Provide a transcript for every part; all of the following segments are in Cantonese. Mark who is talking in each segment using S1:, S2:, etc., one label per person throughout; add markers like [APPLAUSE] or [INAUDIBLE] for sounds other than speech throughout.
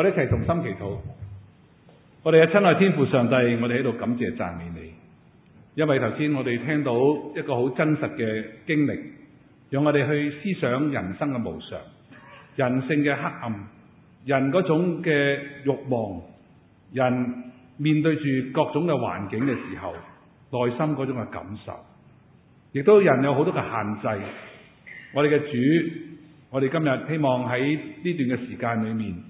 S1: 我哋一齊同心祈禱。我哋嘅親愛天父上帝，我哋喺度感謝讚美你，因為頭先我哋聽到一個好真實嘅經歷，讓我哋去思想人生嘅無常、人性嘅黑暗、人種嘅慾望、人面對住各種嘅環境嘅時候，內心種嘅感受，亦都人有好多嘅限制。我哋嘅主，我哋今日希望喺呢段嘅時間裏面。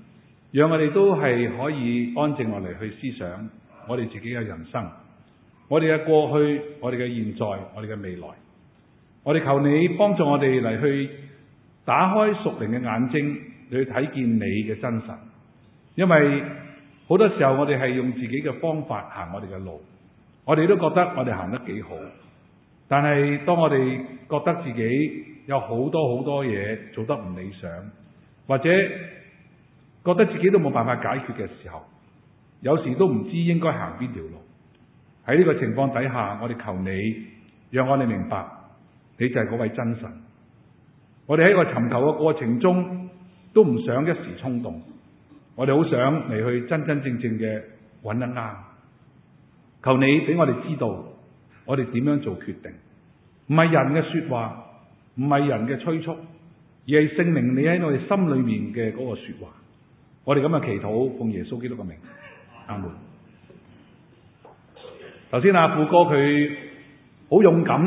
S1: 讓我哋都係可以安靜落嚟，去思想我哋自己嘅人生，我哋嘅過去，我哋嘅現在，我哋嘅未來。我哋求你幫助我哋嚟去打開屬靈嘅眼睛，去睇見你嘅真實。因為好多時候我哋係用自己嘅方法行我哋嘅路，我哋都覺得我哋行得幾好。但係當我哋覺得自己有好多好多嘢做得唔理想，或者，覺得自己都冇辦法解決嘅時候，有時都唔知應該行邊條路。喺呢個情況底下，我哋求你，讓我哋明白，你就係嗰位真神。我哋喺個尋求嘅過程中，都唔想一時衝動。我哋好想你去真真正正嘅揾得啱。求你俾我哋知道，我哋點樣做決定？唔係人嘅説話，唔係人嘅催促，而係證明你喺我哋心裏面嘅嗰個説話。我哋咁嘅祈禱，奉耶穌基督嘅名，阿門。頭先阿富哥佢好勇敢，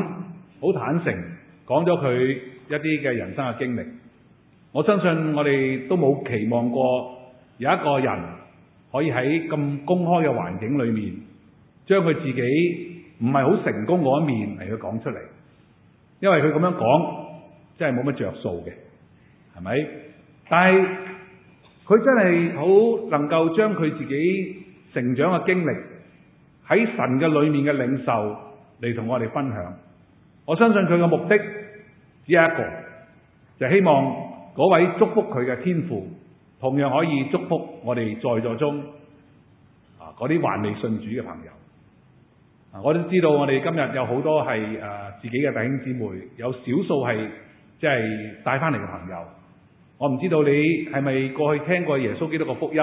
S1: 好坦誠，講咗佢一啲嘅人生嘅經歷。我相信我哋都冇期望過有一個人可以喺咁公開嘅環境裏面，將佢自己唔係好成功嗰一面嚟去講出嚟，因為佢咁樣講真係冇乜着數嘅，係咪？但係。佢真係好能夠將佢自己成長嘅經歷喺神嘅裏面嘅領受嚟，同我哋分享。我相信佢嘅目的只有一個，就係希望嗰位祝福佢嘅天父同樣可以祝福我哋在座中啊嗰啲還未信主嘅朋友。我都知道，我哋今日有好多係誒自己嘅弟兄姊妹，有少數係即係帶翻嚟嘅朋友。我唔知道你係咪過去聽過耶穌基督嘅福音，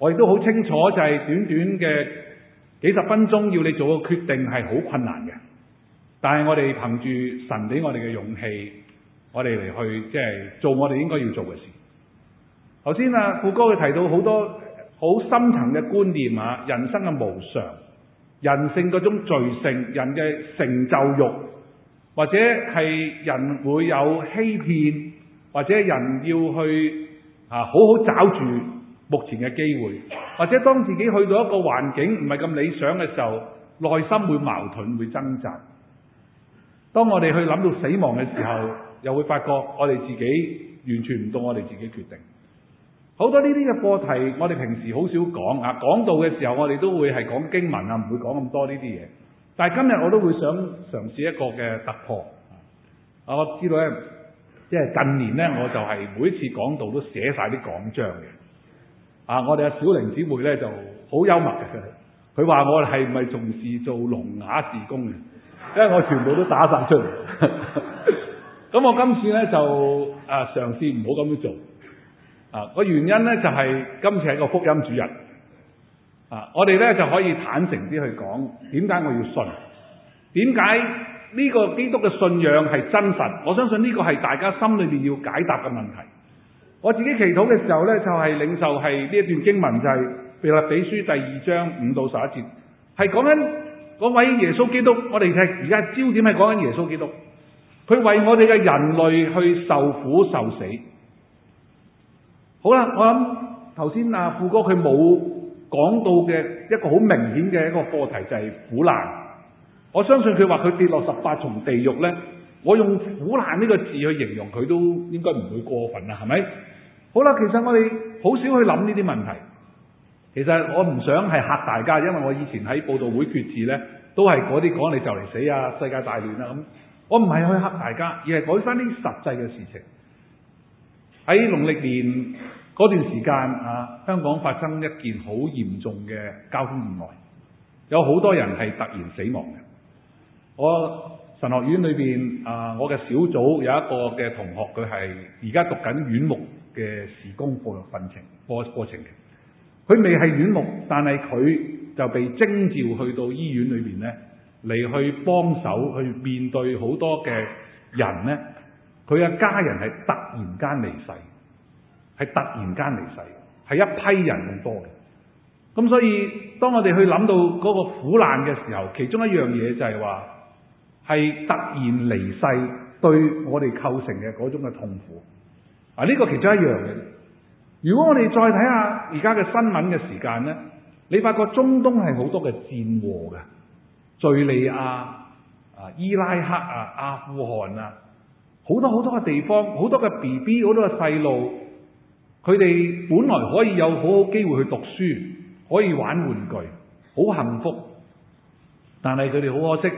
S1: 我亦都好清楚就係短短嘅幾十分鐘要你做個決定係好困難嘅，但係我哋憑住神俾我哋嘅勇氣，我哋嚟去即係做我哋應該要做嘅事。頭先啊，富哥佢提到好多好深層嘅觀念啊，人生嘅無常、人性嗰種罪性、人嘅成就欲，或者係人會有欺騙。或者人要去啊，好好抓住目前嘅機會，或者當自己去到一個環境唔係咁理想嘅時候，內心會矛盾、會掙扎。當我哋去諗到死亡嘅時候，又會發覺我哋自己完全唔到我哋自己決定。好多呢啲嘅課題，我哋平時好少講啊，講道嘅時候我哋都會係講經文啊，唔會講咁多呢啲嘢。但係今日我都會想嘗試一個嘅突破啊，我知道咧。即係近年咧，我就係每次講道都寫晒啲講章嘅。啊，我哋阿小玲姊妹咧就好幽默嘅，佢話我係唔係從事做聾啞事工嘅？因為我全部都打晒出嚟。咁 [LAUGHS] 我今次咧就啊嘗試唔好咁樣做。啊，個原因咧就係今次係個福音主日。啊，我哋咧就可以坦誠啲去講點解我要信，點解？呢個基督嘅信仰係真實，我相信呢個係大家心裏邊要解答嘅問題。我自己祈禱嘅時候呢，就係、是、領受係呢一段經文，就係腓立比書第二章五到十一節，係講緊嗰位耶穌基督。我哋嘅而家焦點係講緊耶穌基督，佢為我哋嘅人類去受苦受死。好啦，我諗頭先阿富哥佢冇講到嘅一個好明顯嘅一個課題就係苦難。我相信佢話，佢跌落十八重地獄咧，我用苦難呢個字去形容佢都應該唔會過分啦，係咪？好啦，其實我哋好少去諗呢啲問題，其實我唔想係嚇大家，因為我以前喺報道會決志咧，都係嗰啲講你就嚟死啊、世界大亂啊咁。我唔係去嚇大家，而係改翻啲實際嘅事情。喺農曆年嗰段時間啊，香港發生一件好嚴重嘅交通意外，有好多人係突然死亡嘅。我神學院裏邊啊，我嘅小組有一個嘅同學，佢係而家讀緊院牧嘅事工課程課課程嘅，佢未係院牧，但係佢就被徵召去到醫院裏邊咧嚟去幫手去面對好多嘅人咧，佢嘅家人係突然間離世，係突然間離世，係一批人咁多嘅，咁所以當我哋去諗到嗰個苦難嘅時候，其中一樣嘢就係話。係突然離世，對我哋構成嘅嗰種嘅痛苦啊！呢個其中一樣嘅。如果我哋再睇下而家嘅新聞嘅時間咧，你發覺中東係好多嘅戰禍嘅，敘利亞啊、伊拉克啊、阿富汗啊，好多好多嘅地方，好多嘅 BB，好多嘅細路，佢哋本來可以有好好機會去讀書，可以玩玩具，好幸福，但係佢哋好可惜。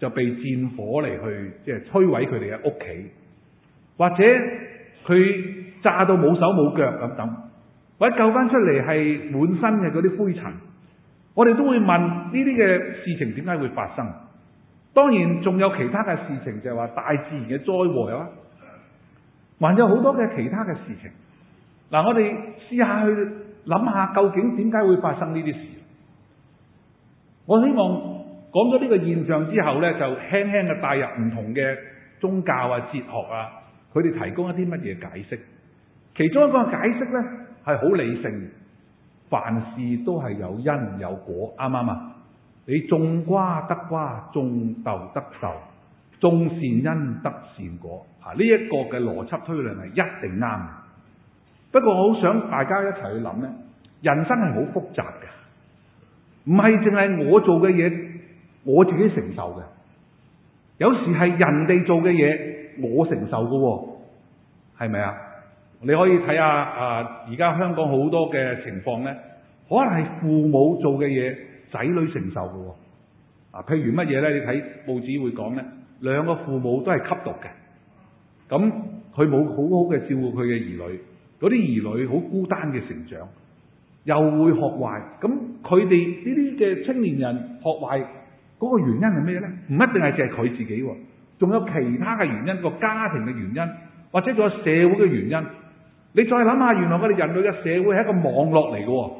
S1: 就被戰火嚟去即係、就是、摧毀佢哋嘅屋企，或者佢炸到冇手冇腳咁等，等，或者救翻出嚟係滿身嘅嗰啲灰塵，我哋都會問呢啲嘅事情點解會發生？當然仲有其他嘅事，事情，就係話大自然嘅災禍啊，還有好多嘅其他嘅事情。嗱，我哋試下去諗下究竟點解會發生呢啲事？我希望。講咗呢個現象之後呢，就輕輕嘅帶入唔同嘅宗教啊、哲學啊，佢哋提供一啲乜嘢解釋。其中一個解釋呢，係好理性，凡事都係有因有果，啱唔啱啊？你種瓜得瓜，種豆得豆，種善因得善果，吓呢一個嘅邏輯推論係一定啱。不過我好想大家一齊去諗呢，人生係好複雜嘅，唔係淨係我做嘅嘢。我自己承受嘅，有時係人哋做嘅嘢，我承受嘅喎，係咪啊？你可以睇下啊，呃，而家香港好多嘅情況呢，可能係父母做嘅嘢，仔女承受嘅喎。啊，譬如乜嘢呢？你睇報紙會講呢，兩個父母都係吸毒嘅，咁佢冇好好嘅照顧佢嘅兒女，嗰啲兒女好孤單嘅成長，又會學壞。咁佢哋呢啲嘅青年人學壞。嗰個原因係咩呢？唔一定係淨係佢自己喎、哦，仲有其他嘅原因，個家庭嘅原因，或者仲有社會嘅原因。你再諗下，原來我哋人類嘅社會係一個網絡嚟嘅、哦，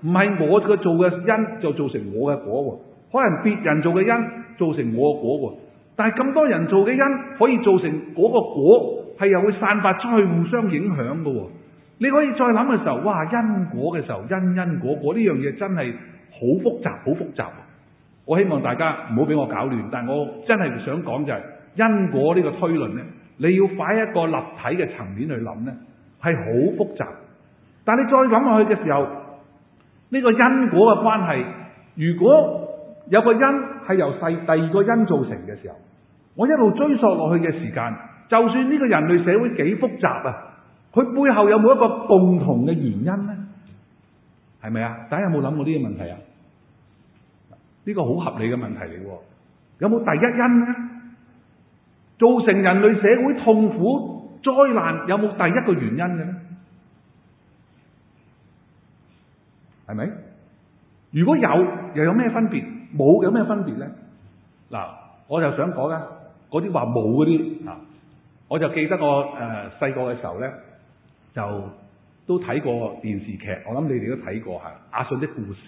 S1: 唔係我個做嘅因就造成我嘅果喎、哦，可能別人做嘅因造成我嘅果喎、哦。但係咁多人做嘅因可以造成嗰個果，係又會散發出去互相影響嘅、哦。你可以再諗嘅時候，哇！因果嘅時候，因因果果呢樣嘢真係好複雜，好複雜。我希望大家唔好俾我搞亂，但係我真係想講就係、是、因果呢個推論呢，你要擺一個立體嘅層面去諗，呢係好複雜。但你再諗落去嘅時候，呢、這個因果嘅關係，如果有個因係由細第二個因造成嘅時候，我一路追溯落去嘅時間，就算呢個人類社會幾複雜啊，佢背後有冇一個共同嘅原因呢？係咪啊？大家有冇諗過呢個問題啊？呢個好合理嘅問題嚟喎，有冇第一因咧？造成人類社會痛苦災難，有冇第一個原因嘅呢？係咪？如果有，又有咩分別？冇，有咩分別呢？嗱，我就想講咧，嗰啲話冇嗰啲啊，我就記得我誒細個嘅時候呢，就都睇過電視劇，我諗你哋都睇過係《阿信的故事》。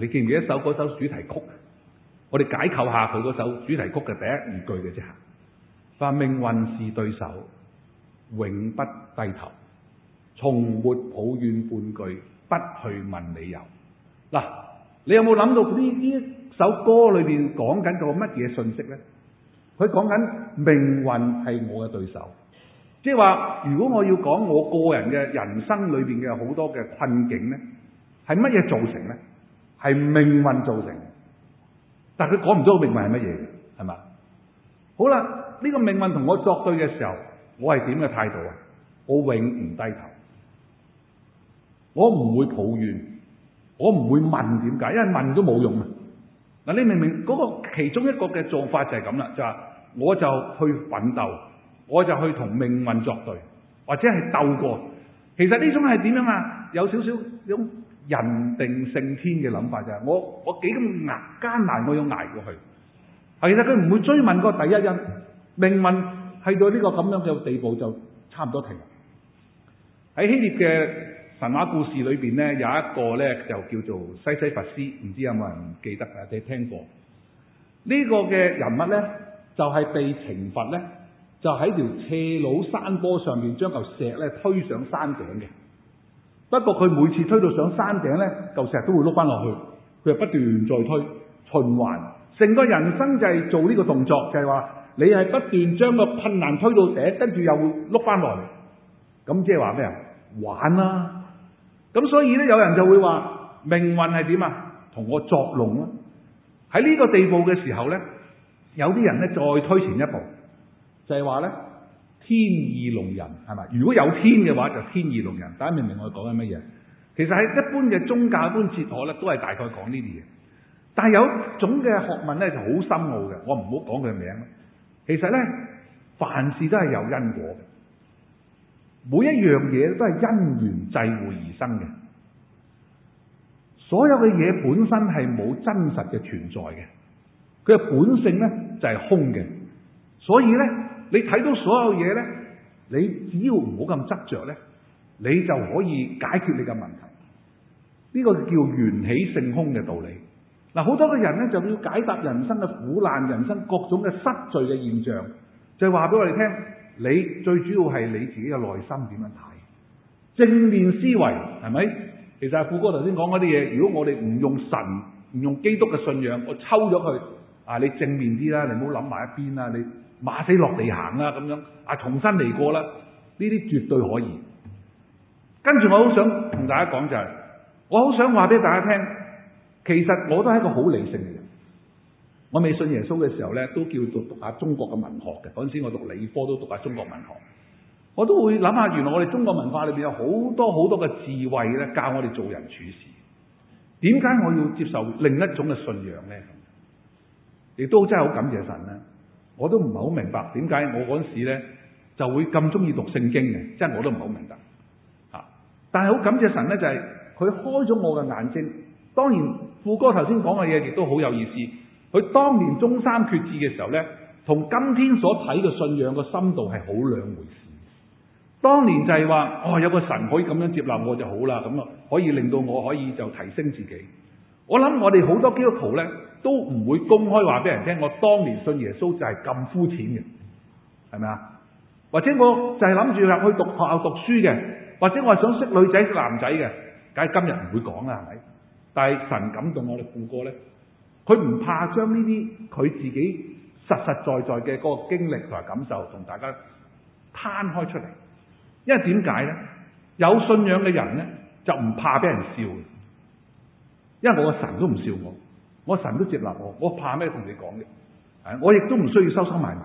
S1: 你記唔記得一首嗰首主題曲？我哋解構下佢嗰首主題曲嘅第一二句嘅啫，話命運是對手，永不低頭，從沒抱怨半句，不去問理由。嗱，你有冇諗到呢？呢首歌裏邊講緊個乜嘢信息呢？佢講緊命運係我嘅對手，即係話如果我要講我個人嘅人生裏邊嘅好多嘅困境呢，係乜嘢造成呢？係命運造成，但佢講唔到命運係乜嘢，係嘛？好啦，呢個命運同我作對嘅時候，我係點嘅態度啊？我永唔低頭，我唔會抱怨，我唔會問點解，因為問都冇用啊。嗱，你明明嗰個其中一個嘅做法就係咁啦，就話我就去奮鬥，我就去同命運作對，或者係鬥過。其實呢種係點樣啊？有少少種。人定勝天嘅諗法就係我我幾咁捱艱難，我要捱過去。其實佢唔會追問個第一因，命運去到呢個咁樣嘅地步就差唔多停。喺希臘嘅神話故事裏邊咧，有一個咧就叫做西西弗斯，唔知有冇人記得啊？或者聽過呢個嘅人物咧，就係被懲罰咧，就喺條斜路山坡上邊將嚿石咧推上山頂嘅。不過佢每次推到上山頂呢，就成日都會碌翻落去。佢又不斷再推，循環成個人生就係做呢個動作，就係話你係不斷將個困難推到頂，跟住又會碌翻落嚟。咁即係話咩啊？玩啦！咁所以呢，有人就會話「命運係點啊？同我作弄啦！」喺呢個地步嘅時候呢，有啲人呢，再推前一步，就係話呢。天意弄人係咪？如果有天嘅話，就天意弄人。大家明唔明我講緊乜嘢？其實喺一般嘅宗教觀哲學咧，都係大概講呢啲嘢。但係有種嘅學問咧，就好深奧嘅。我唔好講佢名。其實咧，凡事都係有因果嘅，每一樣嘢都係因緣際會而生嘅。所有嘅嘢本身係冇真實嘅存在嘅，佢嘅本性咧就係空嘅。所以咧。你睇到所有嘢呢，你只要唔好咁執着呢，你就可以解決你嘅問題。呢、呢個叫緣起性空嘅道理。嗱，好多嘅人呢，就要解答人生嘅苦難、人生各種嘅失序嘅現象，就話、係、俾我哋聽：你最主要係你自己嘅內心點樣睇？正面思維係咪？其實阿富哥頭先講嗰啲嘢。如果我哋唔用神、唔用基督嘅信仰，我抽咗佢啊！你正面啲啦，你唔好諗埋一邊啦，你。馬死落地行啦咁樣啊，重新嚟過啦，呢啲絕對可以。跟住我好想同大家講就係，我好想話俾大家聽，其實我都係一個好理性嘅人。我未信耶穌嘅時候咧，都叫做讀下中國嘅文學嘅。嗰陣時我讀理科都讀下中國文學，我都會諗下，原來我哋中國文化裏邊有好多好多嘅智慧咧，教我哋做人處事。點解我要接受另一種嘅信仰咧？亦都真係好感謝神咧。我都唔係好明白點解我嗰陣時咧就會咁中意讀聖經嘅，真係我都唔係好明白、啊、但係好感謝神呢，就係、是、佢開咗我嘅眼睛。當然富哥頭先講嘅嘢亦都好有意思。佢當年中三決志嘅時候呢，同今天所睇嘅信仰嘅深度係好兩回事。當年就係話哦，有個神可以咁樣接納我就好啦，咁啊可以令到我可以就提升自己。我諗我哋好多基督徒呢。都唔會公開話俾人聽，我當年信耶穌就係咁膚淺嘅，係咪啊？或者我就係諗住入去讀學校讀書嘅，或者我係想識女仔識男仔嘅，梗係今日唔會講啦，係咪？但係神感動我哋父哥呢，佢唔怕將呢啲佢自己實實在在嘅嗰個經歷同埋感受同大家攤開出嚟。因為點解呢？有信仰嘅人呢，就唔怕俾人笑。因為我個神都唔笑我。我神都接納我，我怕咩？同你講嘅，我亦都唔需要收收埋埋。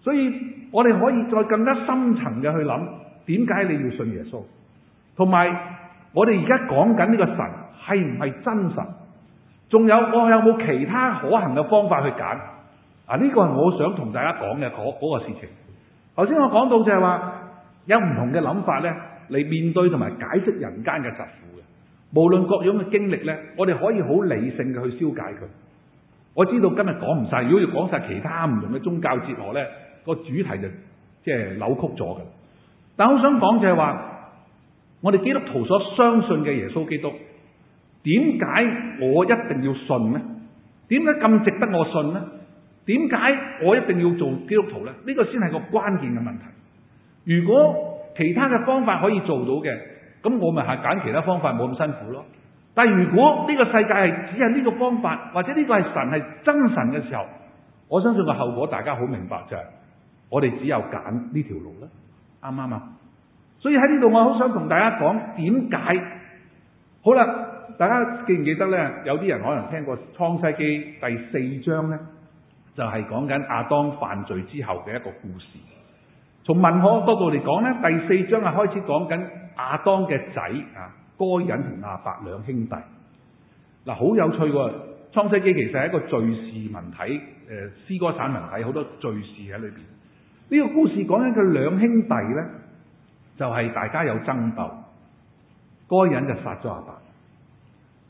S1: 所以我哋可以再更加深層嘅去諗，點解你要信耶穌？同埋我哋而家講緊呢個神係唔係真神？仲有我有冇其他可行嘅方法去揀？啊，呢個係我想同大家講嘅嗰嗰個事情。頭先我講到就係話有唔同嘅諗法咧，嚟面對同埋解釋人間嘅疾苦嘅。無論各樣嘅經歷呢，我哋可以好理性嘅去消解佢。我知道今日講唔晒，如果要講晒其他唔同嘅宗教哲學呢個主題，就即係扭曲咗嘅。但係好想講就係話，我哋基督徒所相信嘅耶穌基督，點解我一定要信呢？點解咁值得我信呢？點解我一定要做基督徒呢？呢個先係個關鍵嘅問題。如果其他嘅方法可以做到嘅，咁我咪係揀其他方法，冇咁辛苦咯。但係如果呢個世界係只係呢個方法，或者呢個係神係真神嘅時候，我相信個後果大家好明白，就係我哋只有揀呢條路啦，啱唔啱啊？所以喺呢度，我好想同大家講點解。好啦，大家記唔記得呢？有啲人可能聽過《創世記》第四章呢，就係、是、講緊亞當犯罪之後嘅一個故事。從文學角度嚟講呢，第四章係開始講緊。亞當嘅仔啊，該隱同亞伯兩兄弟。嗱，好有趣喎！創世記其實係一個敍事文體，誒，詩歌散文體，好多敍事喺裏邊。呢個故事講緊佢兩兄弟咧，就係大家有爭鬥，該隱就殺咗亞伯。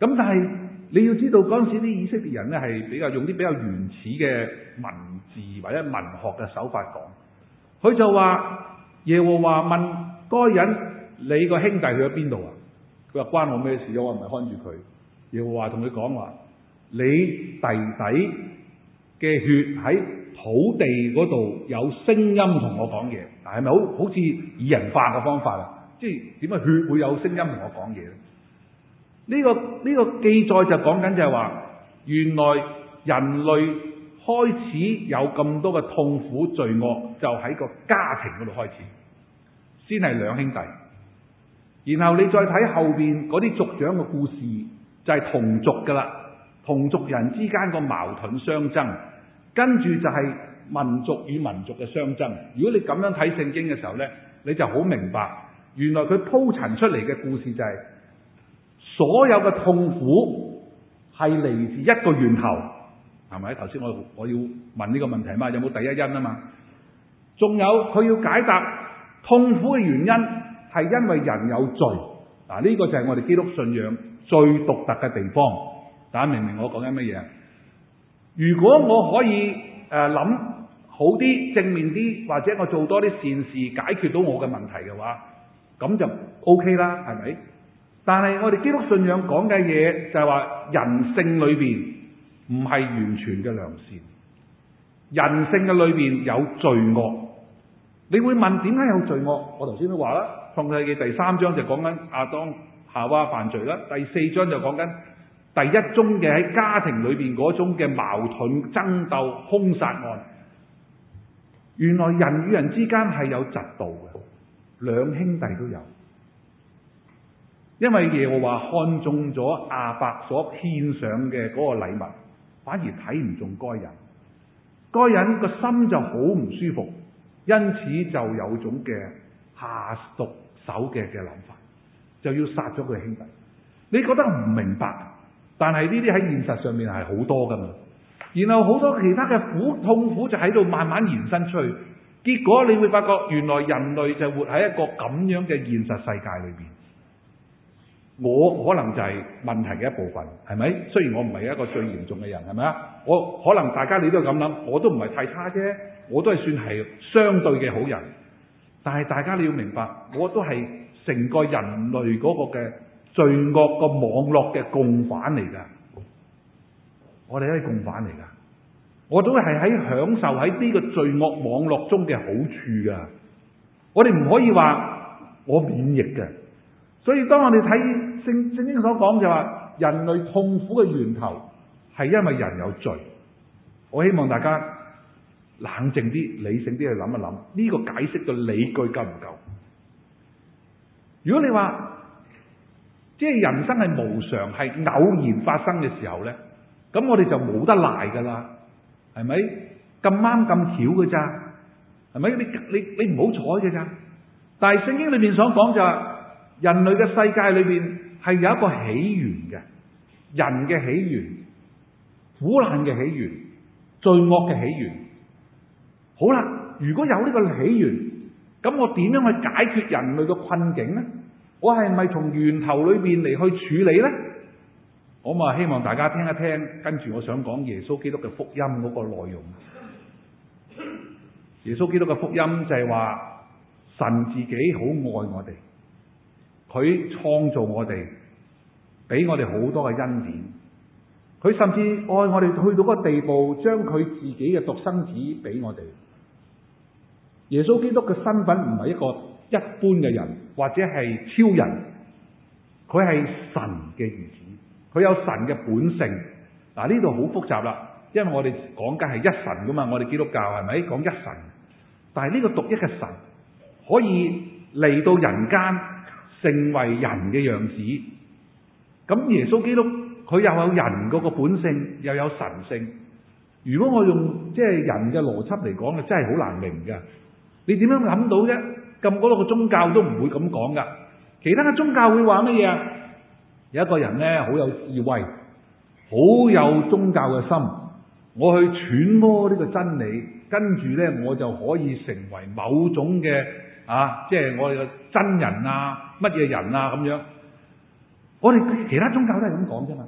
S1: 咁但係你要知道嗰陣時啲以色列人咧，係比較用啲比較原始嘅文字或者文學嘅手法講。佢就話耶和華問該隱。你個兄弟去咗邊度啊？佢話關我咩事啊？我唔係看住佢，又話同佢講話：你弟弟嘅血喺土地嗰度有聲音同我講嘢，係咪好好似擬人化嘅方法啊？即係點解血會有聲音同我講嘢呢、呢個呢、呢個記載就講緊就係話，原來人類開始有咁多嘅痛苦罪惡，就喺個家庭嗰度開始，先係兩兄弟。然後你再睇後邊嗰啲族長嘅故事，就係同族噶啦，同族人之間個矛盾相爭，跟住就係民族與民族嘅相爭。如果你咁樣睇聖經嘅時候呢，你就好明白，原來佢鋪陳出嚟嘅故事就係所有嘅痛苦係嚟自一個源頭，係咪？頭先我我要問呢個問題嘛，有冇第一因啊嘛？仲有佢要解答痛苦嘅原因。係因為人有罪，嗱、這、呢個就係我哋基督信仰最獨特嘅地方。大家明唔明我講緊乜嘢？如果我可以誒諗、呃、好啲、正面啲，或者我做多啲善事，解決到我嘅問題嘅話，咁就 OK 啦，係咪？但係我哋基督信仰講嘅嘢就係話人性裏邊唔係完全嘅良善，人性嘅裏邊有罪惡。你會問點解有罪惡？我頭先都話啦。創世記第三章就講緊亞當夏娃犯罪啦，第四章就講緊第一宗嘅喺家庭裏邊嗰宗嘅矛盾爭鬥兇殺案。原來人與人之間係有嫉妒嘅，兩兄弟都有。因為耶和華看中咗亞伯所獻上嘅嗰個禮物，反而睇唔中該人，該人個心就好唔舒服，因此就有種嘅下毒手嘅嘅諗法就要殺咗佢兄弟，你覺得唔明白，但係呢啲喺現實上面係好多㗎嘛，然後好多其他嘅苦痛苦就喺度慢慢延伸出去，結果你會發覺原來人類就活喺一個咁樣嘅現實世界裏邊，我可能就係問題嘅一部分，係咪？雖然我唔係一個最嚴重嘅人，係咪啊？我可能大家你都係咁諗，我都唔係太差啫，我都係算係相對嘅好人。但係大家你要明白，我都係成個人類嗰個嘅罪惡個網絡嘅共犯嚟㗎。我哋係共犯嚟㗎。我都係喺享受喺呢個罪惡網絡中嘅好處㗎。我哋唔可以話我免疫嘅。所以當我哋睇聖聖經所講，就話人類痛苦嘅源頭係因為人有罪。我希望大家。冷靜啲、理性啲去諗一諗，呢個解釋嘅理據夠唔夠？如果你話即係人生係無常、係偶然發生嘅時候咧，咁我哋就冇得賴㗎啦，係咪咁啱咁巧㗎？咋係咪你你你唔好彩㗎？咋？但係聖經裏面想講就係人類嘅世界裏邊係有一個起源嘅，人嘅起源、苦難嘅起源、罪惡嘅起源。好啦，如果有呢個起源，咁我點樣去解決人類嘅困境呢？我係咪從源頭裏邊嚟去處理呢？好啊，希望大家聽一聽，跟住我想講耶穌基督嘅福音嗰個內容。耶穌基督嘅福音就係話，神自己好愛我哋，佢創造我哋，俾我哋好多嘅恩典，佢甚至愛我哋去到嗰個地步，將佢自己嘅獨生子俾我哋。耶穌基督嘅身份唔係一個一般嘅人，或者係超人，佢係神嘅兒子，佢有神嘅本性。嗱，呢度好複雜啦，因為我哋講緊係一神噶嘛，我哋基督教係咪講一神？但係呢個獨一嘅神可以嚟到人間成為人嘅樣子，咁、啊、耶穌基督佢又有人嗰個本性，又有神性。如果我用即係人嘅邏輯嚟講，啊真係好難明噶。你點樣諗到啫？咁多個宗教都唔會咁講噶。其他嘅宗教會話乜嘢啊？有一個人咧，好有智慧，好有宗教嘅心。我去揣摩呢個真理，跟住咧，我就可以成為某種嘅啊，即係我哋嘅真人啊，乜嘢人啊咁樣。我哋其他宗教都係咁講啫嘛。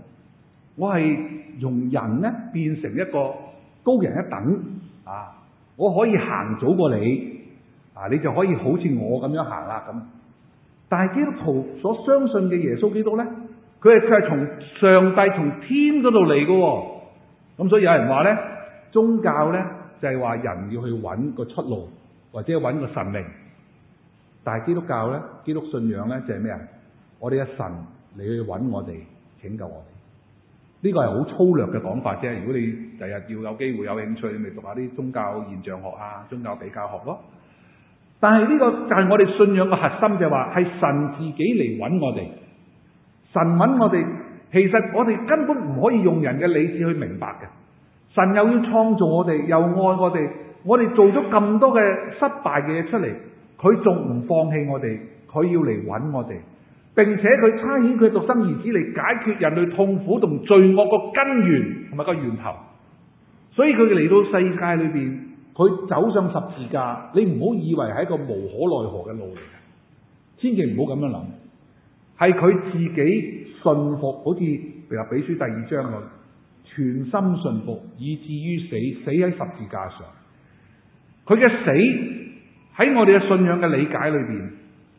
S1: 我係用人咧，變成一個高人一等啊！我可以行早過你。嗱，你就可以好似我咁樣行啦咁。但係基督徒所相信嘅耶穌基督咧，佢係佢係從上帝從天嗰度嚟噶。咁所以有人話咧，宗教咧就係、是、話人要去揾個出路或者揾個神明。但係基督教咧，基督信仰咧就係咩啊？我哋嘅神你去揾我哋，拯救我哋。呢、這個係好粗略嘅講法啫。如果你第日要有機會有興趣，你咪讀下啲宗教現象學啊、宗教比較學咯。但係呢個就係我哋信仰嘅核心，就係話係神自己嚟揾我哋。神揾我哋，其實我哋根本唔可以用人嘅理智去明白嘅。神又要創造我哋，又愛我哋。我哋做咗咁多嘅失敗嘅嘢出嚟，佢仲唔放棄我哋，佢要嚟揾我哋，並且佢差遣佢獨生兒子嚟解決人類痛苦同罪惡個根源同埋個源頭。所以佢嚟到世界裏邊。佢走上十字架，你唔好以為係一個無可奈何嘅路嚟嘅。千祈唔好咁樣諗，係佢自己信服，好似《腓立比書》第二章咁，全心信服，以至於死，死喺十字架上。佢嘅死喺我哋嘅信仰嘅理解裡邊，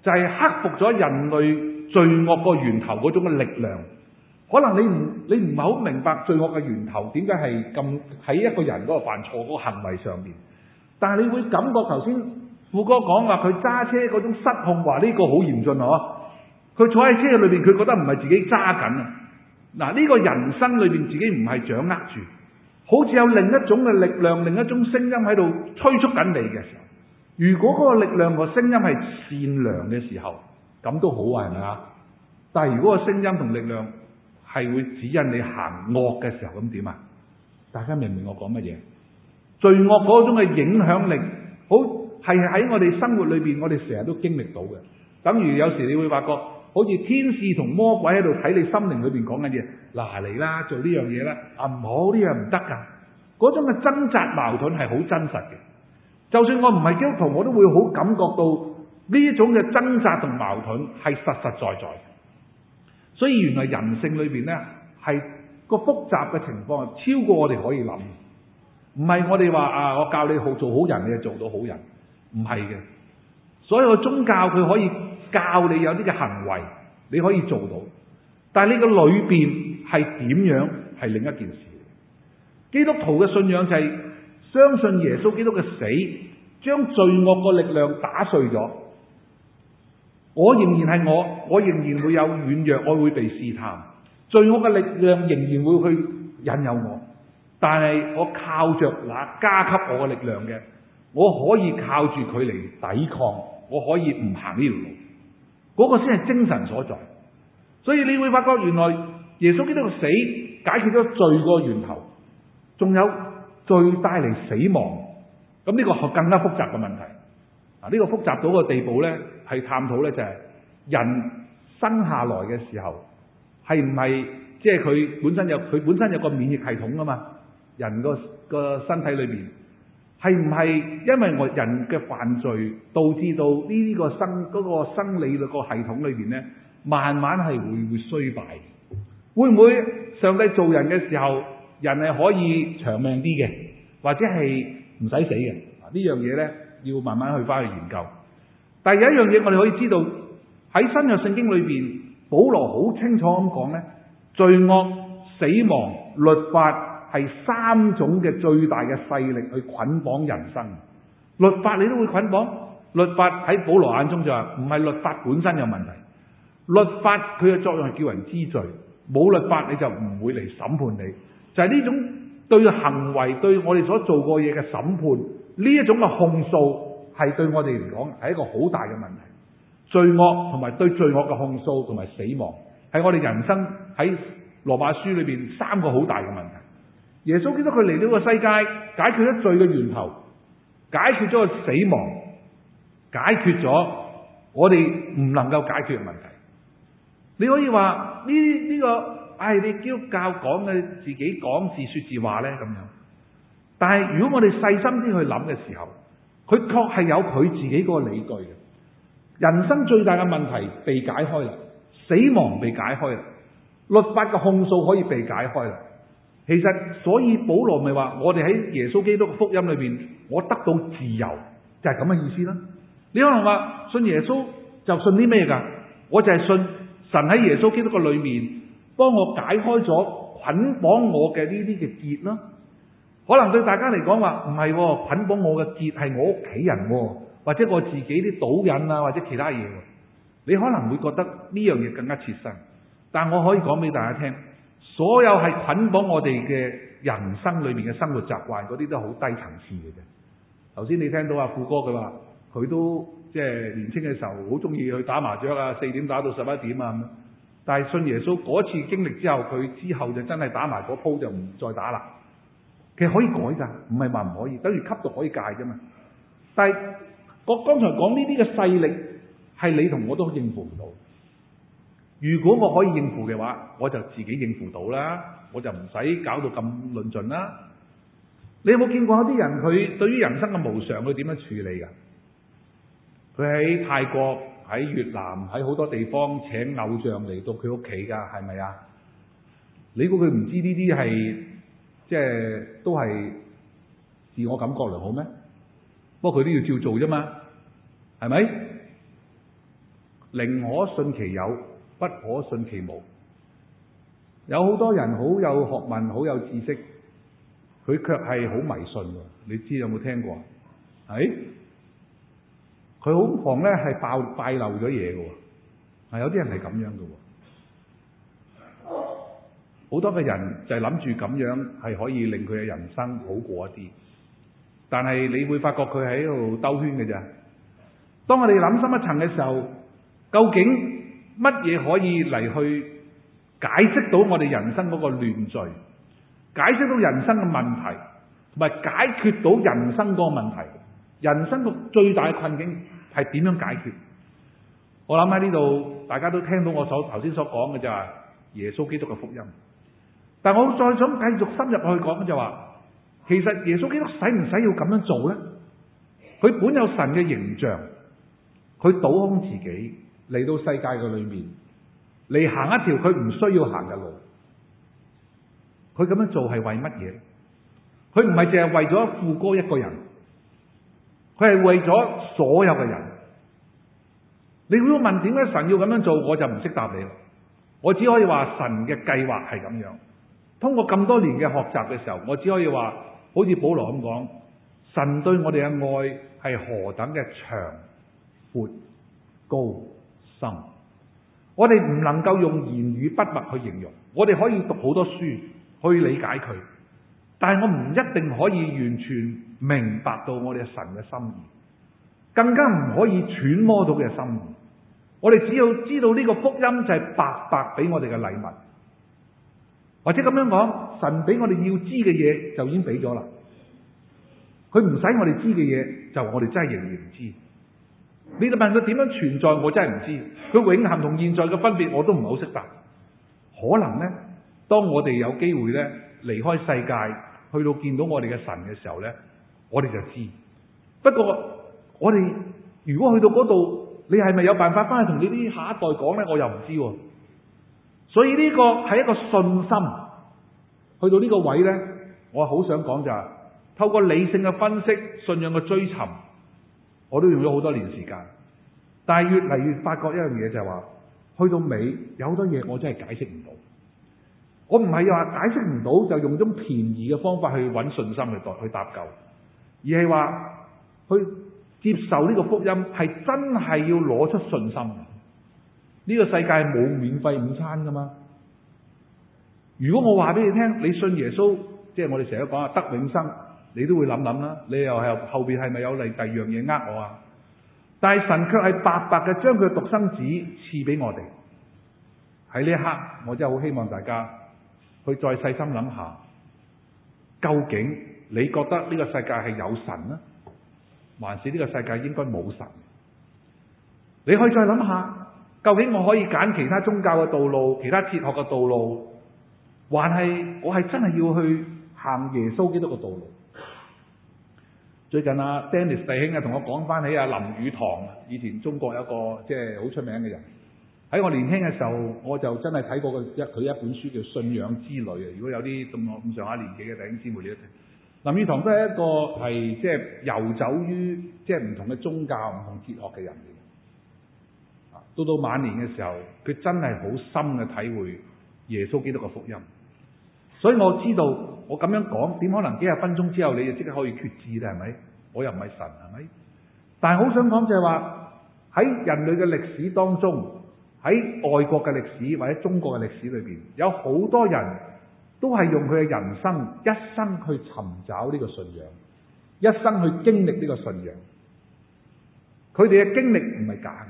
S1: 就係、是、克服咗人類罪惡個源頭嗰種嘅力量。可能你唔你唔係好明白罪惡嘅源頭點解係咁喺一個人嗰個犯錯嗰個行為上面，但係你會感覺頭先富哥講話佢揸車嗰種失控，話呢個好嚴峻嗬。佢坐喺車裏邊，佢覺得唔係自己揸緊啊。嗱，呢個人生裏邊自己唔係掌握住，好似有另一種嘅力量、另一種聲音喺度催促緊你嘅時候。如果嗰個力量個聲音係善良嘅時候，咁都好啊，係咪啊？但係如果個聲音同力量，係會指引你行惡嘅時候，咁點啊？大家明唔明我講乜嘢？罪惡嗰種嘅影響力，好係喺我哋生活裏邊，我哋成日都經歷到嘅。等如有時你會發覺，好似天使同魔鬼喺度睇你心靈裏邊講緊嘢，嗱，嚟啦，做呢樣嘢啦，啊，唔好，呢樣唔得噶。嗰種嘅掙扎矛盾係好真實嘅。就算我唔係基督徒，我都會好感覺到呢種嘅掙扎同矛盾係實實在在在。所以原來人性裏邊呢，係個複雜嘅情況，超過我哋可以諗。唔係我哋話啊，我教你好做好人，你就做到好人，唔係嘅。所以個宗教佢可以教你有啲嘅行為，你可以做到，但係你嘅裏邊係點樣，係另一件事。基督徒嘅信仰就係相信耶穌基督嘅死，將罪惡嘅力量打碎咗。我仍然係我，我仍然會有軟弱，我會被試探，罪惡嘅力量仍然會去引誘我，但係我靠着那加給我嘅力量嘅，我可以靠住佢嚟抵抗，我可以唔行呢條路，嗰個先係精神所在。所以你會發覺原來耶穌基督嘅死解決咗罪個源頭，仲有罪帶嚟死亡，咁呢個係更加複雜嘅問題。啊！呢個複雜到個地步呢，係探討呢，就係人生下來嘅時候，係唔係即係佢本身有佢本身有個免疫系統噶嘛？人個個身體裏邊係唔係因為我人嘅犯罪導致到呢個生嗰個生理個系統裏邊呢，慢慢係會會衰敗？會唔會上帝做人嘅時候，人係可以長命啲嘅，或者係唔使死嘅？呢樣嘢呢？要慢慢去翻去研究，但係有一樣嘢我哋可以知道，喺新約聖經裏邊，保羅好清楚咁講咧，罪惡、死亡、律法係三種嘅最大嘅勢力去捆綁人生。律法你都會捆綁，律法喺保羅眼中就係唔係律法本身有問題，律法佢嘅作用係叫人知罪，冇律法你就唔會嚟審判你，就係呢種對行為對我哋所做過嘢嘅審判。呢一種嘅控訴係對我哋嚟講係一個好大嘅問題，罪惡同埋對罪惡嘅控訴同埋死亡係我哋人生喺羅馬書裏邊三個好大嘅問題。耶穌基督佢嚟到個世界，解決咗罪嘅源頭，解決咗個死亡，解決咗我哋唔能夠解決嘅問題。你可以、這個哎、你教教字字話呢呢個，唉，你叫教講嘅自己講自説自話咧咁樣。但係如果我哋細心啲去諗嘅時候，佢確係有佢自己嗰個理據嘅。人生最大嘅問題被解開啦，死亡被解開啦，律法嘅控訴可以被解開啦。其實所以保羅咪話：我哋喺耶穌基督嘅福音裏邊，我得到自由，就係咁嘅意思啦。你可能話信耶穌就信啲咩噶？我就係信神喺耶穌基督嘅裏面幫我解開咗捆綁我嘅呢啲嘅結啦。可能對大家嚟講話唔係喎，捆綁、哦、我嘅結係我屋企人喎，哦，或者我自己啲賭癮啊，或者其他嘢喎，你可能會覺得呢樣嘢更加切身。但我可以講俾大家聽，所有係捆綁我哋嘅人生裏面嘅生活習慣嗰啲都好低層次嘅啫。頭先你聽到阿、啊、富哥佢話，佢都即係年輕嘅時候好中意去打麻雀啊，四點打到十一點啊咁。但係信耶穌嗰次經歷之後，佢之後就真係打埋嗰鋪就唔再打啦。其實可以改㗎，唔係話唔可以，等於吸毒可以戒啫嘛。但係我剛才講呢啲嘅勢力係你同我都應付唔到。如果我可以應付嘅話，我就自己應付到啦，我就唔使搞到咁論盡啦。你有冇見過有啲人佢對於人生嘅無常佢點樣處理㗎？佢喺泰國、喺越南、喺好多地方請偶像嚟到佢屋企㗎，係咪啊？你估佢唔知呢啲係？即係都係自我感覺良好咩？不過佢都要照做啫嘛，係咪？寧可信其有，不可信其無。有好多人好有學問、好有知識，佢卻係好迷信㗎。你知有冇聽過？係、哎，佢好怕咧係爆敗漏咗嘢㗎喎。係有啲人係咁樣嘅喎。好多嘅人就係諗住咁樣係可以令佢嘅人生好過一啲，但係你會發覺佢喺度兜圈嘅啫。當我哋諗深一層嘅時候，究竟乜嘢可以嚟去解釋到我哋人生嗰個亂序，解釋到人生嘅問題，同埋解決到人生個問題？人生嘅最大嘅困境係點樣解決？我諗喺呢度，大家都聽到我所頭先所講嘅就係耶穌基督嘅福音。但我再想繼續深入去講就話，其實耶穌基督使唔使要咁樣做咧？佢本有神嘅形象，佢倒空自己嚟到世界嘅裏面，嚟行一條佢唔需要行嘅路。佢咁樣做係為乜嘢？佢唔係淨係為咗富哥一個人，佢係為咗所有嘅人。你會要問點解神要咁樣做？我就唔識答你啦。我只可以話神嘅計劃係咁樣。通過咁多年嘅學習嘅時候，我只可以話，好似保羅咁講，神對我哋嘅愛係何等嘅長、闊、高、深，我哋唔能夠用言語筆墨去形容，我哋可以讀好多書去理解佢，但係我唔一定可以完全明白到我哋嘅神嘅心意，更加唔可以揣摩到佢嘅心意。我哋只要知道呢個福音就係白白俾我哋嘅禮物。或者咁樣講，神俾我哋要知嘅嘢就已經俾咗啦。佢唔使我哋知嘅嘢，就我哋真係仍然唔知。你哋問佢點樣存在，我真係唔知。佢永恒同現在嘅分別，我都唔係好識得。可能呢，當我哋有機會呢離開世界，去到見到我哋嘅神嘅時候呢，我哋就知。不過我哋如果去到嗰度，你係咪有辦法翻去同你啲下一代講呢？我又唔知啊。所以呢個係一個信心，去到呢個位咧，我好想講就係透過理性嘅分析，信仰嘅追尋，我都用咗好多年時間，但係越嚟越發覺一樣嘢，就係話去到尾有好多嘢我真係解釋唔到。我唔係話解釋唔到就用種便宜嘅方法去揾信心去代去搭救，而係話去接受呢個福音係真係要攞出信心。呢個世界冇免費午餐噶嘛？如果我話俾你聽，你信耶穌，即係我哋成日都講啊，得永生，你都會諗諗啦。你又係後邊係咪有嚟第二樣嘢呃我啊？但係神卻係白白嘅將佢獨生子賜俾我哋。喺呢一刻，我真係好希望大家去再細心諗下，究竟你覺得呢個世界係有神啊，還是呢個世界應該冇神？你可以再諗下。究竟我可以揀其他宗教嘅道路、其他哲學嘅道路，還係我係真係要去行耶穌基督嘅道路？最近阿 Dennis 弟兄啊，同我講翻起阿林語堂啊，以前中國有一個即係好出名嘅人。喺我年輕嘅時候，我就真係睇過佢一佢一本書叫《信仰之旅》啊。如果有啲咁我咁上下年紀嘅弟兄姊妹，你都聽林語堂都係一個係即係遊走於即係唔同嘅宗教、唔同哲學嘅人。到到晚年嘅時候，佢真係好深嘅體會耶穌基督嘅福音。所以我知道，我咁樣講，點可能幾十分鐘之後，你就即刻可以決志咧？係咪？我又唔係神，係咪？但係好想講就係話，喺人類嘅歷史當中，喺外國嘅歷史或者中國嘅歷史裏邊，有好多人都係用佢嘅人生一生去尋找呢個信仰，一生去經歷呢個信仰。佢哋嘅經歷唔係假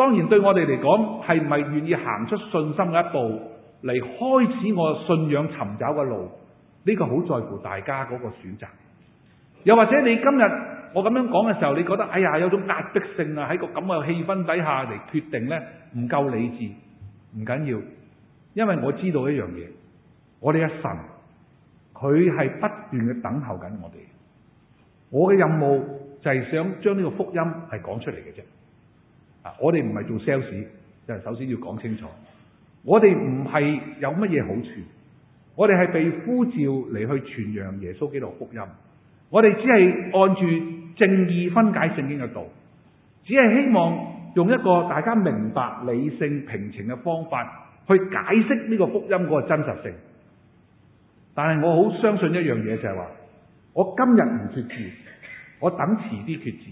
S1: 當然對我哋嚟講，係唔係願意行出信心嘅一步嚟開始我信仰尋找嘅路？呢個好在乎大家嗰個選擇。又或者你今日我咁樣講嘅時候，你覺得哎呀有種壓迫性啊？喺個咁嘅氣氛底下嚟決定呢，唔夠理智，唔緊要。因為我知道一樣嘢，我哋嘅神佢係不斷嘅等候緊我哋。我嘅任務就係想將呢個福音係講出嚟嘅啫。啊！我哋唔係做 sales，就係首先要講清楚。我哋唔係有乜嘢好處，我哋係被呼召嚟去傳揚耶穌基督福音。我哋只係按住正義分解聖經嘅道，只係希望用一個大家明白、理性、平情嘅方法去解釋呢個福音嗰個真實性。但係我好相信一樣嘢就係話，我今日唔決志，我等遲啲決志。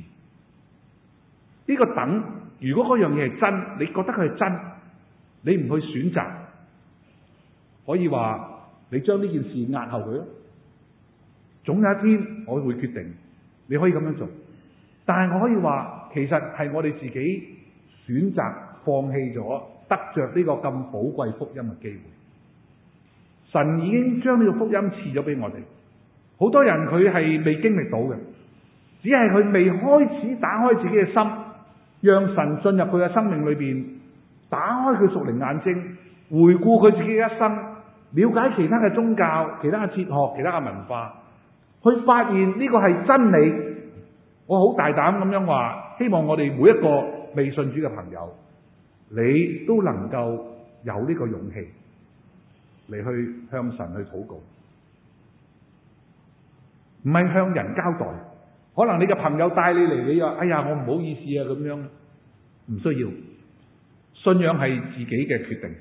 S1: 呢、這個等。如果嗰樣嘢係真，你覺得佢係真，你唔去選擇，可以話你將呢件事壓後佢咯。總有一天我會決定，你可以咁樣做，但係我可以話，其實係我哋自己選擇放棄咗得着呢個咁寶貴福音嘅機會。神已經將呢個福音賜咗俾我哋，好多人佢係未經歷到嘅，只係佢未開始打開自己嘅心。讓神進入佢嘅生命裏邊，打開佢屬靈眼睛，回顧佢自己嘅一生，了解其他嘅宗教、其他嘅哲學、其他嘅文化，去發現呢個係真理。我好大膽咁樣話，希望我哋每一個未信主嘅朋友，你都能夠有呢個勇氣嚟去向神去禱告，唔係向人交代。可能你嘅朋友帶你嚟，你話：哎呀，我唔好意思啊，咁樣唔需要。信仰係自己嘅決定。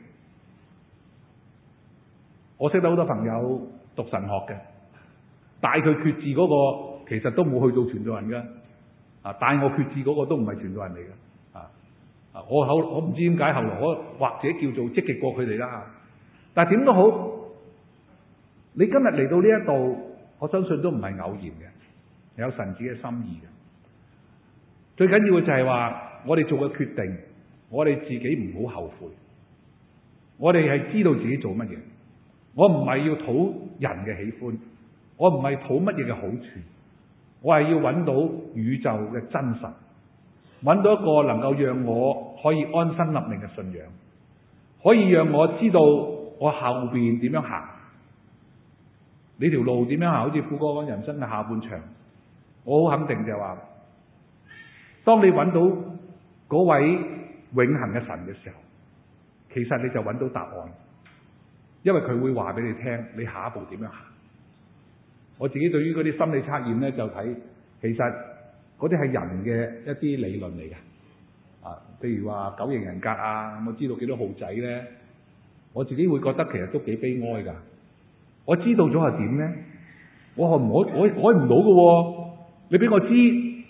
S1: 我識得好多朋友讀神學嘅，帶佢決志嗰個，其實都冇去做傳道人嘅。啊，帶我決志嗰個都唔係傳道人嚟嘅。啊啊，我後我唔知點解後來我或者叫做積極過佢哋啦。吓，但係點都好，你今日嚟到呢一度，我相信都唔係偶然嘅。有神子嘅心意嘅，最緊要嘅就係話，我哋做嘅決定，我哋自己唔好後悔，我哋係知道自己做乜嘢，我唔係要討人嘅喜歡，我唔係討乜嘢嘅好處，我係要揾到宇宙嘅真神，揾到一個能夠讓我可以安身立命嘅信仰，可以讓我知道我後邊點樣行，呢條路點樣行，好似富哥講人生嘅下半場。我好肯定就係話，當你揾到嗰位永恒嘅神嘅時候，其實你就揾到答案，因為佢會話俾你聽，你下一步點樣行。我自己對於嗰啲心理測驗咧，就睇其實嗰啲係人嘅一啲理論嚟嘅，啊，譬如話九型人格啊，我知道幾多號仔咧，我自己會覺得其實都幾悲哀噶。我知道咗係點咧，我可唔可我改唔到噶？你俾我知，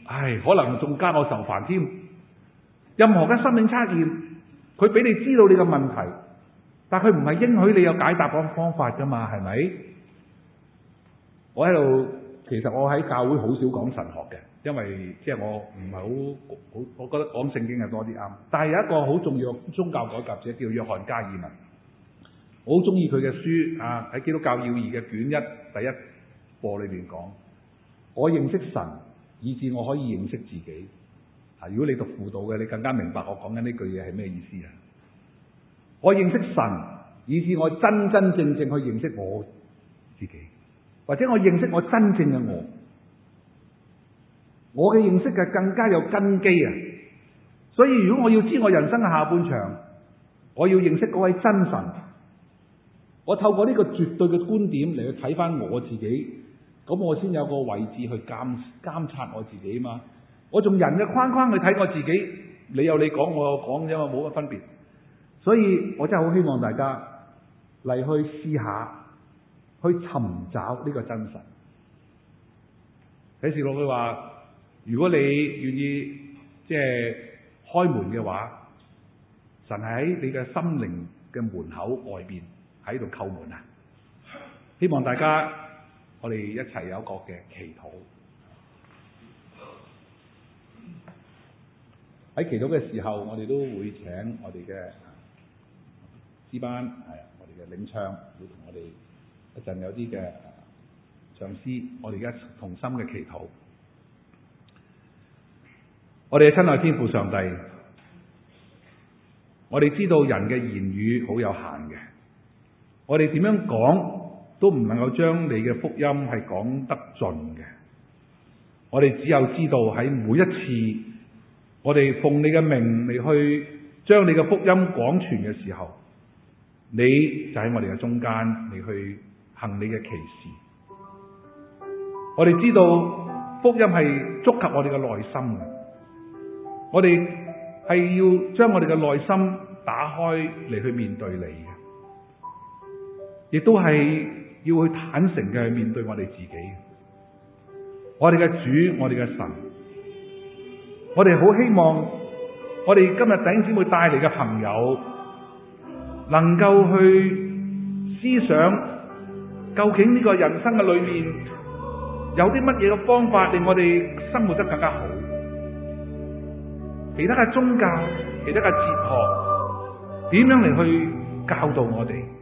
S1: 唉，可能仲加我受煩添。任何嘅生命測驗，佢俾你知道你嘅問題，但係佢唔係應許你有解答個方法噶嘛，係咪？我喺度，其實我喺教會好少講神學嘅，因為即係我唔係好好，我覺得講聖經係多啲啱。但係有一個好重要宗教改革者叫約翰加爾文，我好中意佢嘅書啊，喺《基督教要義》嘅卷一第一課裏邊講。我認識神，以至我可以認識自己。啊，如果你讀輔導嘅，你更加明白我講緊呢句嘢係咩意思啊！我認識神，以至我真真正正去認識我自己，或者我認識我真正嘅我。我嘅認識係更加有根基啊！所以如果我要知我人生嘅下半場，我要認識嗰位真神，我透過呢個絕對嘅觀點嚟去睇返我自己。咁我先有個位置去監監察我自己嘛！我仲人嘅框框去睇我自己，你有你講，我有我講，因為冇乜分別。 [NOISE] 所以我真係好希望大家嚟去試下，去尋找呢個真實。啟示錄佢話：如果你願意即係、就是、開門嘅話，神係喺你嘅心靈嘅門口外邊喺度叩門啊！希望大家。我哋一齊有一個嘅祈禱。喺祈禱嘅時候，我哋都會請我哋嘅詩班，係我哋嘅領唱，會同我哋一陣有啲嘅唱詩。我哋而家同心嘅祈禱。我哋嘅親愛天父上帝，我哋知道人嘅言語好有限嘅，我哋點樣講？都唔能夠將你嘅福音係講得盡嘅。我哋只有知道喺每一次我哋奉你嘅名嚟去將你嘅福音廣傳嘅時候，你就喺我哋嘅中間嚟去行你嘅奇事。我哋知道福音係觸及我哋嘅內心嘅。我哋係要將我哋嘅內心打開嚟去面對你嘅，亦都係。要去坦誠嘅面對我哋自己，我哋嘅主，我哋嘅神，我哋好希望我哋今日弟兄姊妹帶嚟嘅朋友，能夠去思想究竟呢個人生嘅裏面有啲乜嘢嘅方法令我哋生活得更加好，其他嘅宗教，其他嘅哲學，點樣嚟去教導我哋？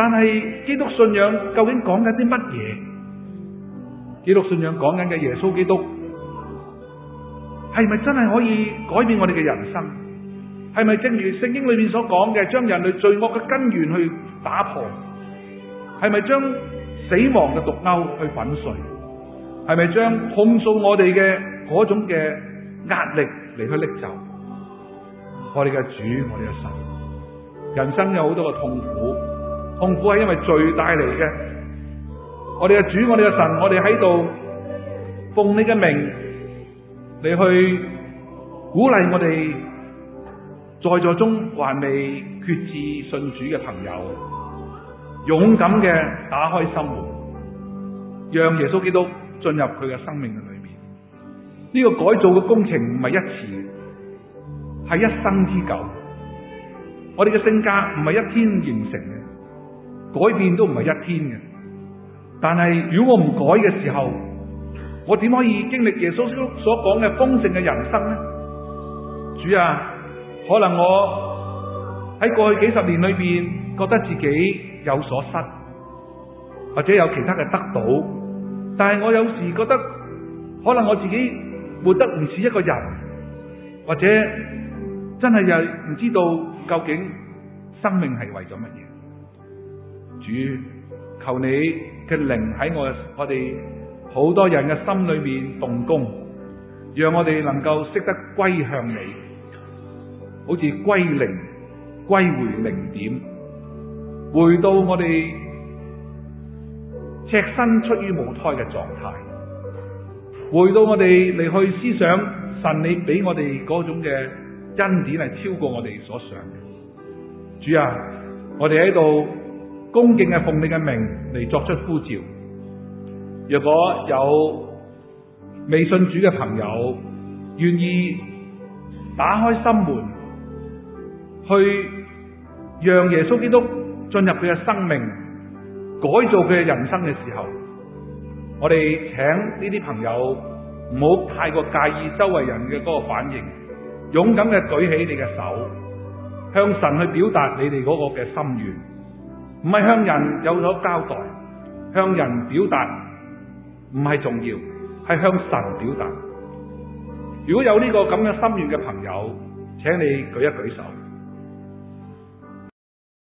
S1: 但係基督信仰究竟講緊啲乜嘢？基督信仰講緊嘅耶穌基督係咪真係可以改變我哋嘅人生？係咪正如聖經裏面所講嘅，將人類罪惡嘅根源去打破？係咪將死亡嘅毒鈎去粉碎？係咪將控訴我哋嘅嗰種嘅壓力嚟去拎走？我哋嘅主，我哋嘅神，人生有好多嘅痛苦。痛苦係因為罪帶嚟嘅。我哋嘅主，我哋嘅神，我哋喺度奉你嘅命，你去鼓勵我哋在座中還未決志信主嘅朋友，勇敢嘅打開心門，讓耶穌基督進入佢嘅生命嘅裏面。呢、這個改造嘅工程唔係一次，係一生之久。我哋嘅性格唔係一天完成嘅。改變都唔係一天嘅，但係如果我唔改嘅時候，我點可以經歷耶穌所講嘅豐盛嘅人生咧？主啊，可能我喺過去幾十年裏邊，覺得自己有所失，或者有其他嘅得到，但係我有時覺得，可能我自己活得唔似一個人，或者真係又唔知道究竟生命係為咗乜嘢。求你嘅靈喺我我哋好多人嘅心裏面動工，讓我哋能夠識得歸向你，好似歸零、歸回零點，回到我哋赤身出於母胎嘅狀態，回到我哋離去思想，神你俾我哋嗰種嘅恩典係超過我哋所想嘅。主啊，我哋喺度。恭敬嘅奉你嘅名嚟作出呼召。若果有未信主嘅朋友願意打開心門，去讓耶穌基督進入佢嘅生命，改造佢嘅人生嘅時候，我哋請呢啲朋友唔好太過介意周圍人嘅個反應，勇敢嘅舉起你嘅手，向神去表達你哋嗰個嘅心願。唔係向人有所交代，向人表達，唔係重要，係向神表達。如果有呢個咁嘅心願嘅朋友，請你舉一舉手。